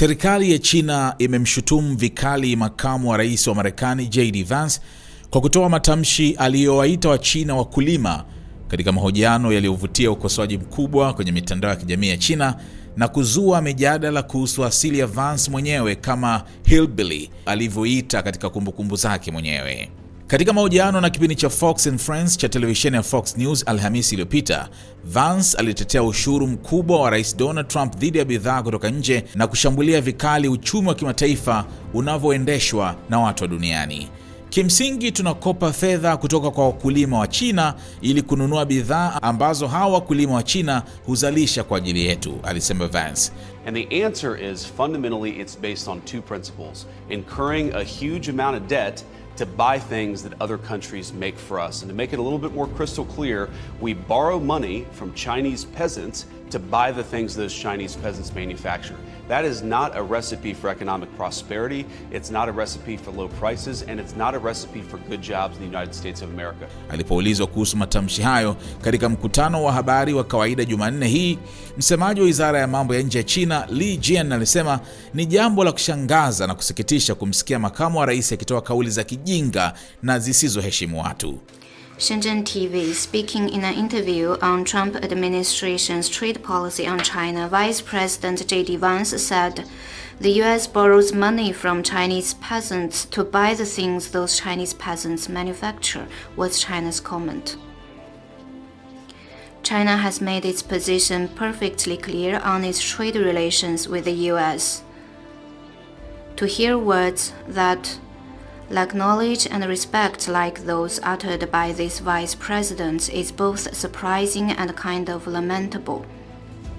Serikali ya China imemshutumu vikali makamu wa rais wa Marekani JD Vance kwa kutoa matamshi aliyowaita Wachina wakulima katika mahojiano yaliyovutia ukosoaji mkubwa kwenye mitandao ya kijamii ya China na kuzua mijadala kuhusu asili ya Vance mwenyewe kama hillbilly alivyoita katika kumbukumbu zake mwenyewe. Katika mahojiano na kipindi cha Fox and Friends cha televisheni ya Fox News Alhamisi iliyopita, Vance alitetea ushuru mkubwa wa Rais Donald Trump dhidi ya bidhaa kutoka nje na kushambulia vikali uchumi wa kimataifa unavyoendeshwa na watu wa duniani. Kimsingi tunakopa fedha kutoka kwa wakulima wa China ili kununua bidhaa ambazo hawa wakulima wa China huzalisha kwa ajili yetu, alisema Vance. And the answer is fundamentally it's based on two principles, incurring a huge amount of debt to buy things that other countries make for us. And to make it a little bit more crystal clear, we borrow money from Chinese peasants to buy the things those Chinese peasants manufacture. That is not a recipe for economic prosperity. It's not a recipe for low prices, and it's not a recipe for good jobs in the United States of America. Alipoulizwa kuhusu matamshi hayo katika mkutano wa habari wa kawaida Jumanne hii, msemaji wa wizara ya mambo ya nje ya China Li Jian alisema ni jambo la kushangaza na kusikitisha kumsikia makamu wa rais akitoa kauli za kiji na zisizoheshimu watu. Shenzhen TV speaking in an interview on Trump administration's trade policy on China, Vice President J.D. Vance said, "The US borrows money from Chinese peasants to buy the things those Chinese peasants manufacture," was China's comment. China has made its position perfectly clear on its trade relations with the US. To hear words that like knowledge and respect like those uttered by this vice president is both surprising and kind of lamentable.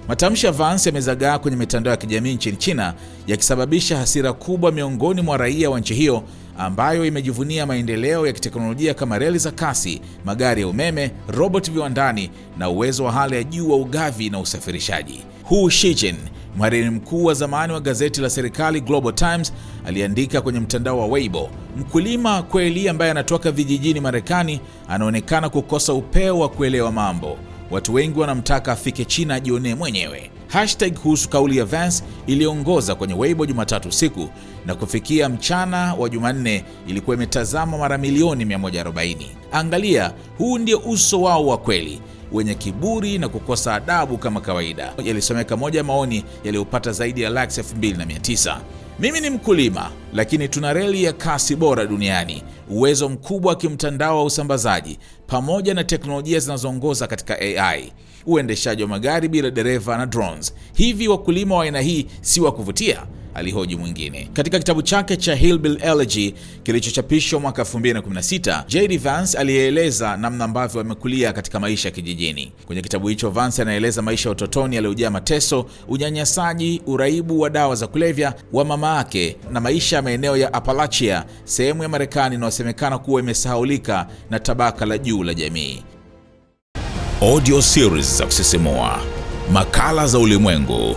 Matamshi ya Vance yamezagaa kwenye mitandao ya kijamii nchini China yakisababisha hasira kubwa miongoni mwa raia wa nchi hiyo ambayo imejivunia maendeleo ya kiteknolojia kama reli za kasi, magari ya umeme, robot viwandani na uwezo wa hali ya juu wa ugavi na usafirishaji. Hu Shijin Mhariri mkuu wa zamani wa gazeti la serikali Global Times aliandika kwenye mtandao wa Weibo, mkulima kweli ambaye anatoka vijijini Marekani anaonekana kukosa upeo wa kuelewa mambo. Watu wengi wanamtaka afike China ajionee mwenyewe. Hashtag kuhusu kauli ya Vance iliongoza kwenye Weibo Jumatatu usiku na kufikia mchana wa Jumanne ilikuwa imetazama mara milioni 140. Angalia, huu ndio uso wao wa kweli wenye kiburi na kukosa adabu kama kawaida, yalisomeka moja ya maoni yaliyopata zaidi ya likes 2900. Mimi ni mkulima lakini tuna reli ya kasi bora duniani, uwezo mkubwa wa kimtandao wa usambazaji, pamoja na teknolojia zinazoongoza katika AI, uendeshaji wa magari bila dereva na drones. Hivi wakulima wa aina hii si wa kuvutia? alihoji mwingine. Katika kitabu chake cha Hillbill Elegy kilichochapishwa mwaka 2016, JD Vance alieleza namna ambavyo amekulia katika maisha ya kijijini. Kwenye kitabu hicho, Vance anaeleza maisha ya utotoni yaliyojaa mateso, unyanyasaji, uraibu wa dawa za kulevya wa mama yake na maisha ya maeneo ya Appalachia, sehemu ya Marekani inayosemekana kuwa imesahaulika na tabaka la juu la jamii. Audio series za kusisimua, makala za ulimwengu